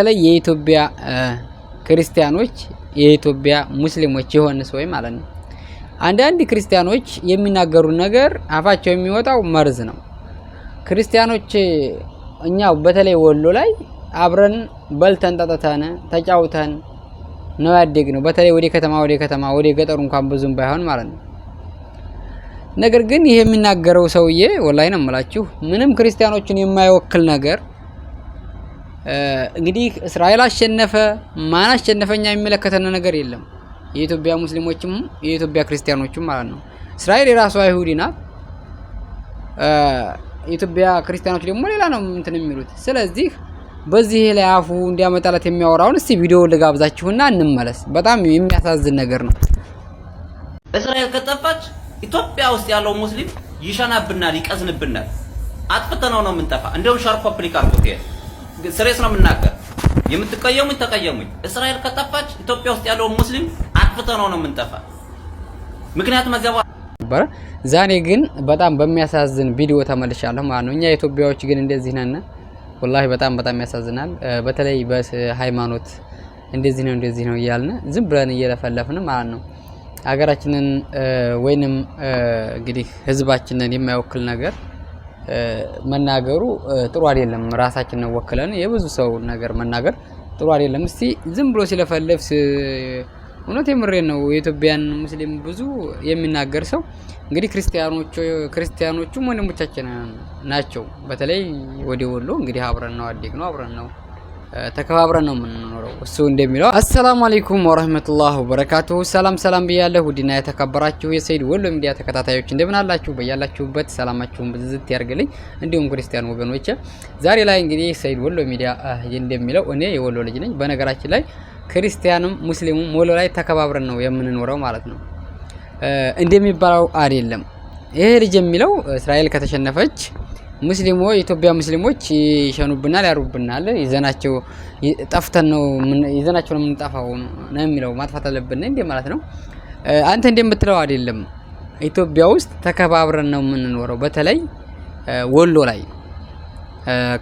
በተለይ የኢትዮጵያ ክርስቲያኖች የኢትዮጵያ ሙስሊሞች የሆን ሰው ማለት ነው። አንዳንድ ክርስቲያኖች የሚናገሩ ነገር አፋቸው የሚወጣው መርዝ ነው። ክርስቲያኖች እኛው በተለይ ወሎ ላይ አብረን በልተን ጠጥተን ተጫውተን ነው ነው። በተለይ ወደ ከተማ ወደ ከተማ ወደ ገጠሩ እንኳን ብዙም ባይሆን ማለት ነው። ነገር ግን ይሄ የሚናገረው ሰውዬ ወላይ ነው የምላችሁ ምንም ክርስቲያኖችን የማይወክል ነገር እንግዲህ እስራኤል አሸነፈ ማን አሸነፈኛ የሚመለከተን ነገር የለም። የኢትዮጵያ ሙስሊሞችም የኢትዮጵያ ክርስቲያኖችም ማለት ነው። እስራኤል የራሷ አይሁዲ ናት። የኢትዮጵያ ክርስቲያኖች ደግሞ ሌላ ነው እንትን የሚሉት። ስለዚህ በዚህ ላይ አፉ እንዲያመጣላት የሚያወራውን እስቲ ቪዲዮ ልጋብዛችሁና እንመለስ። በጣም የሚያሳዝን ነገር ነው። እስራኤል ከጠፋች ኢትዮጵያ ውስጥ ያለው ሙስሊም ይሸናብናል፣ ይቀዝንብናል። አጥፍተነው ነው የምንጠፋ። እንደውም ሻርኮ ፕሊክ አርጎት ስሬስ ነው የምናገር። የምትቀየሙኝ ተቀየሙኝ። እስራኤል ከጠፋች ኢትዮጵያ ውስጥ ያለውን ሙስሊም አጥፍተ ነው ነው የምንጠፋ። ምክንያቱም እዚያ ነበረ ዛሬ ግን በጣም በሚያሳዝን ቪዲዮ ተመልሻለሁ ማለት ነው። እኛ ኢትዮጵያዎች ግን እንደዚህ ነን። ወላሂ በጣም በጣም ያሳዝናል። በተለይ በሃይማኖት እንደዚህ ነው እንደዚህ ነው እያልን ዝም ብለን እየለፈለፍን ማለት ነው አገራችንን ወይንም እንግዲህ ህዝባችንን የማይወክል ነገር መናገሩ ጥሩ አይደለም። ነው ወክለን የብዙ ሰው ነገር መናገር ጥሩ አይደለም። እስቲ ዝም ብሎ ሲለፈልፍ እውነት የምሬ ነው። የኢትዮጵያን ሙስሊም ብዙ የሚናገር ሰው እንግዲህ ክርስቲያኖቹ ክርስቲያኖቹም ወንድሞቻችን ናቸው። በተለይ ወደ ወሎ እንግዲህ አብረን ነው አደግ ነው አብረን ነው ተከባብረን ነው የምንኖረው። እሱ እንደሚለው አሰላሙ አለይኩም ወረህመቱላህ ወበረካቱሁ። ሰላም ሰላም ብያለሁ። ውድና የተከበራችሁ የሰይድ ወሎ ሚዲያ ተከታታዮች እንደምን አላችሁ? በያላችሁበት ሰላማችሁን ብዝዝት ያርግልኝ። እንዲሁም ክርስቲያን ወገኖቼ ዛሬ ላይ እንግዲህ ሰይድ ወሎ ሚዲያ እንደሚለው እኔ የወሎ ልጅ ነኝ። በነገራችን ላይ ክርስቲያንም ሙስሊሙም ወሎ ላይ ተከባብረን ነው የምንኖረው ማለት ነው። እንደሚባለው አይደለም። ይሄ ልጅ የሚለው እስራኤል ከተሸነፈች ሙስሊሙ የኢትዮጵያ ሙስሊሞች ይሸኑብናል፣ ያሩብናል፣ ይዘናቸው ጠፍተን ነው ይዘናቸው ነው የምንጠፋው ነው የሚለው ማጥፋት አለብን እንዴ ማለት ነው። አንተ የምትለው አይደለም። ኢትዮጵያ ውስጥ ተከባብረን ነው የምንኖረው። በተለይ ወሎ ላይ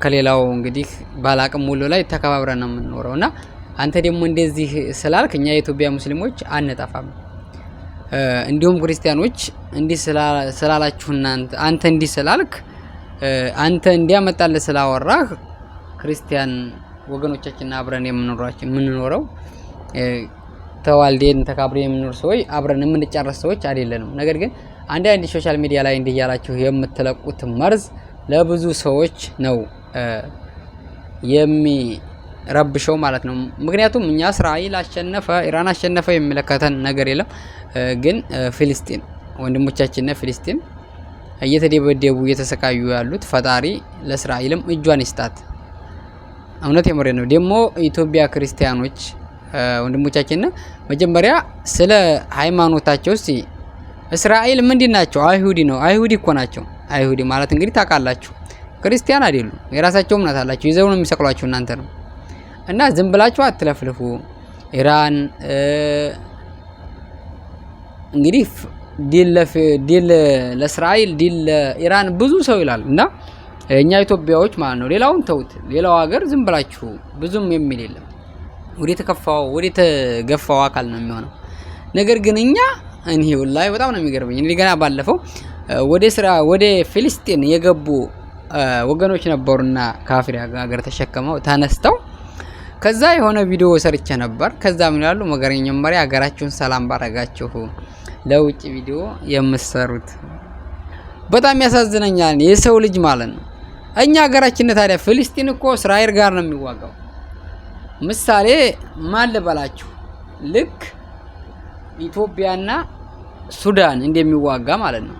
ከሌላው እንግዲህ ባላቅም ወሎ ላይ ተከባብረን ነው የምንኖረው እና አንተ ደግሞ እንደዚህ ስላልክ እኛ የኢትዮጵያ ሙስሊሞች አንጠፋም። እንዲሁም ክርስቲያኖች እንዲህ ስላላችሁና አንተ እንዲህ ስላልክ አንተ እንዲያመጣለ ስላወራህ ክርስቲያን ወገኖቻችንና አብረን የምንኖረው ተዋልዴን ተካብሬ የምንኖር ሰዎች አብረን የምንጨረስ ሰዎች አይደለንም። ነገር ግን አንዳንድ ሶሻል ሚዲያ ላይ እንዲህ የምትለቁት መርዝ ለብዙ ሰዎች ነው የሚረብሸው ማለት ነው። ምክንያቱም እኛ እስራኤል አሸነፈ፣ ኢራን አሸነፈ የሚመለከተን ነገር የለም። ግን ፊልስጢን ወንድሞቻችንና ፊልስጢን እየተደበደቡ እየተሰቃዩ ያሉት ፈጣሪ ለእስራኤልም እጇን ይስጣት። እውነት የምሬ ነው። ደግሞ ኢትዮጵያ ክርስቲያኖች ወንድሞቻችንና መጀመሪያ ስለ ሃይማኖታቸው እስቲ እስራኤል ምንድን ናቸው? አይሁዲ ነው። አይሁዲ እኮ ናቸው። አይሁዲ ማለት እንግዲህ ታውቃላችሁ፣ ክርስቲያን አይደሉም። የራሳቸው እምነት አላቸው። ይዘው ነው የሚሰቅሏችሁ እናንተ ነው እና ዝም ብላችሁ አትለፍልፉ። ኢራን እንግዲህ ዲል ለእስራኤል ዲል ለኢራን ብዙ ሰው ይላል እና እኛ ኢትዮጵያዎች ማለት ነው። ሌላውን ተውት፣ ሌላው ሀገር ዝም ብላችሁ ብዙም የሚል የለም። ወደ ተከፋው ወደ ተገፋው አካል ነው የሚሆነው። ነገር ግን እኛ እኔ ላይ በጣም ነው የሚገርመኝ። እንዲህ ገና ባለፈው ወደ ስራ ወደ ፊልስጤን የገቡ ወገኖች ነበሩና ካፍሪ ሀገር ተሸክመው ተነስተው ከዛ የሆነ ቪዲዮ ሰርቼ ነበር። ከዛ ምን ያሉ መገረኛ መሪያ ሀገራችሁን ሰላም ባረጋችሁ ለውጭ ቪዲዮ የምሰሩት በጣም ያሳዝነኛል። የሰው ልጅ ማለት ነው። እኛ ሀገራችን ታዲያ ፍልስጢን እኮ እስራኤል ጋር ነው የሚዋጋው። ምሳሌ ማን ልበላችሁ፣ ልክ ኢትዮጵያና ሱዳን እንደሚዋጋ ማለት ነው።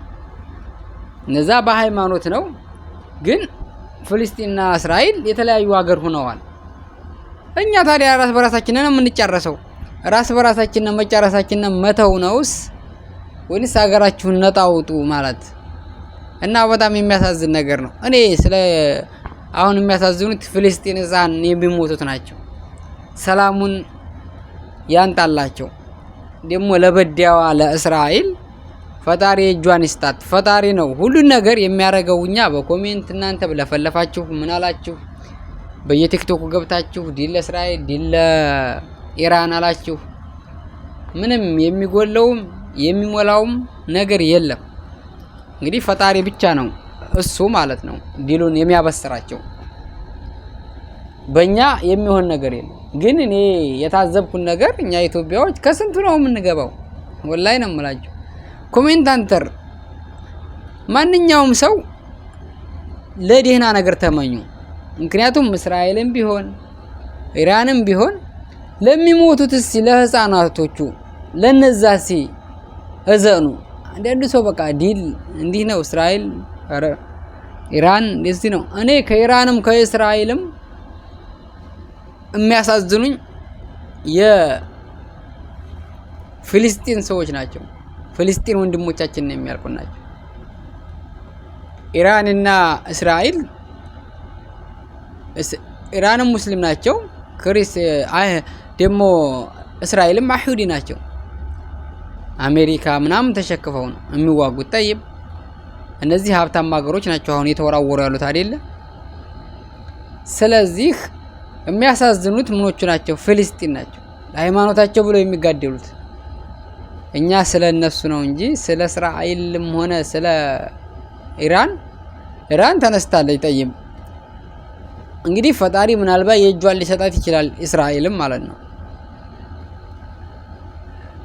እነዛ በሃይማኖት ነው፣ ግን ፍልስጢንና እስራኤል የተለያዩ ሀገር ሆነዋል። እኛ ታዲያ ራስ በራሳችንን የምንጨረሰው ራስ በራሳችንን መጨረሳችንን መተው ነውስ ወይንስ ሀገራችሁን ነጣ አውጡ ማለት እና በጣም የሚያሳዝን ነገር ነው። እኔ ስለ አሁን የሚያሳዝኑት ፍልስጤን ሕፃን የሚሞቱት ናቸው። ሰላሙን ያንጣላቸው። ደግሞ ለበዳዋ ለእስራኤል ፈጣሪ እጇን ይስጣት። ፈጣሪ ነው ሁሉን ነገር የሚያደርገው። እኛ በኮሜንት እናንተ ለፈለፋችሁ አላችሁ? በየቲክቶኩ ገብታችሁ ዲል ለእስራኤል ዲል ለኢራን አላችሁ። ምንም የሚጎለውም የሚሞላውም ነገር የለም። እንግዲህ ፈጣሪ ብቻ ነው እሱ ማለት ነው ዲሉን የሚያበስራቸው። በእኛ የሚሆን ነገር የለም። ግን እኔ የታዘብኩን ነገር እኛ ኢትዮጵያዎች ከስንቱ ነው የምንገባው? ወላይ ነው የምላችሁ። ኮሜንታንተር ማንኛውም ሰው ለደህና ነገር ተመኙ ምክንያቱም እስራኤልም ቢሆን ኢራንም ቢሆን እስቲ ለህፃናቶቹ ሲ እዘኑ። አንዳንዱ ሰው በቃ ዲል እንዲህ ነው እስራኤል ኢራን እንደዚህ ነው። እኔ ከኢራንም ከእስራኤልም የሚያሳዝኑኝ የፊልስጢን ሰዎች ናቸው። ፊልስጢን ወንድሞቻችን የሚያልቁ ናቸው። ኢራንና እስራኤል ኢራንም ሙስሊም ናቸው። ክሪስ ደግሞ እስራኤልም አይሁዲ ናቸው። አሜሪካ ምናምን ተሸክፈው ነው የሚዋጉት። ጠይብ እነዚህ ሀብታም ሀገሮች ናቸው አሁን የተወራወሩ ያሉት አይደለ? ስለዚህ የሚያሳዝኑት ምኖቹ ናቸው? ፍልስጢን ናቸው፣ ለሃይማኖታቸው ብለው የሚጋደሉት። እኛ ስለ እነሱ ነው እንጂ ስለ እስራኤልም ሆነ ስለ ኢራን ኢራን ተነስታለች። ጠይብ እንግዲህ ፈጣሪ ምናልባት የእጇን ሊሰጣት ይችላል፣ እስራኤልም ማለት ነው።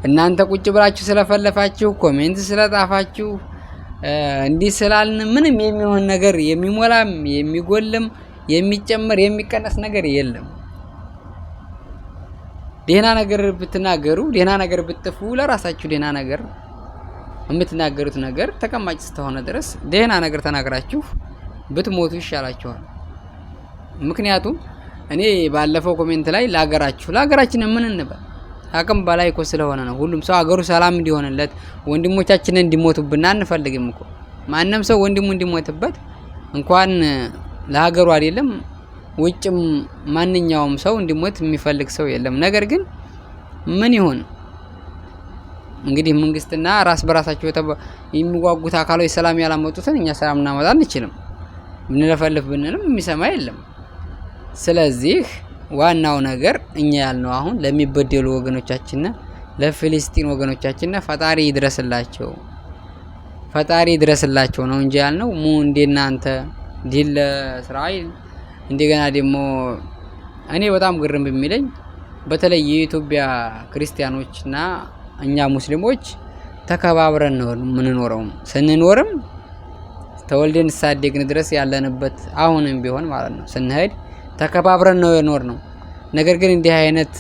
እናንተ ቁጭ ብላችሁ ስለፈለፋችሁ፣ ኮሜንት ስለጣፋችሁ፣ እንዲህ ስላልን ምንም የሚሆን ነገር የሚሞላም የሚጎልም የሚጨምር የሚቀነስ ነገር የለም። ደህና ነገር ብትናገሩ፣ ደህና ነገር ብትጥፉ፣ ለራሳችሁ ደህና ነገር የምትናገሩት ነገር ተቀማጭ ስተሆነ ድረስ ደህና ነገር ተናግራችሁ ብትሞቱ ይሻላችኋል። ምክንያቱም እኔ ባለፈው ኮሜንት ላይ ለሀገራችሁ ለሀገራችን ምን እንበል አቅም በላይ እኮ ስለሆነ ነው። ሁሉም ሰው አገሩ ሰላም እንዲሆንለት ወንድሞቻችን እንዲሞቱብን አንፈልግም እኮ ማንም ሰው ወንድሙ እንዲሞትበት እንኳን ለሀገሩ አይደለም ውጭም ማንኛውም ሰው እንዲሞት የሚፈልግ ሰው የለም። ነገር ግን ምን ይሆን እንግዲህ መንግስትና ራስ በራሳቸው የሚዋጉት አካሎች ሰላም ያላመጡትን እኛ ሰላም እናመጣ አንችልም። ብንለፈልፍ ብንልም የሚሰማ የለም። ስለዚህ ዋናው ነገር እኛ ያልነው አሁን ለሚበደሉ ወገኖቻችንና ለፊሊስጢን ወገኖቻችንና ፈጣሪ ይድረስላቸው ፈጣሪ ይድረስላቸው ነው እንጂ ያልነው ሙ እንደናንተ ድል ለእስራኤል እንደገና ደግሞ እኔ በጣም ግርም የሚለኝ በተለይ የኢትዮጵያ ክርስቲያኖችና እኛ ሙስሊሞች ተከባብረን ነው የምንኖረው። ስንኖርም ተወልደን ሳደግን ድረስ ያለንበት አሁንም ቢሆን ማለት ነው ስንሄድ ተከባብረን ነው የኖር ነው። ነገር ግን እንዲህ አይነት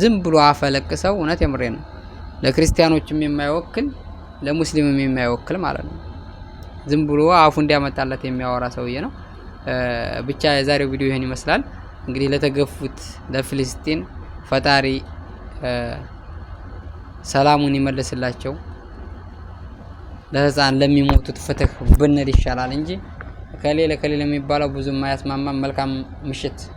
ዝም ብሎ አፈለቅሰው እውነት የምሬ ነው ለክርስቲያኖችም የማይወክል ለሙስሊምም የማይወክል ማለት ነው። ዝም ብሎ አፉ እንዲያመጣለት የሚያወራ ሰውዬ ነው። ብቻ የዛሬው ቪዲዮ ይህን ይመስላል። እንግዲህ ለተገፉት ለፊልስጢን ፈጣሪ ሰላሙን ይመልስላቸው። ለህፃን ለሚሞቱት ፍትህ ብንል ይሻላል እንጂ ከሌለ ከሌለ የሚባለው ብዙ የማያስማማ መልካም ምሽት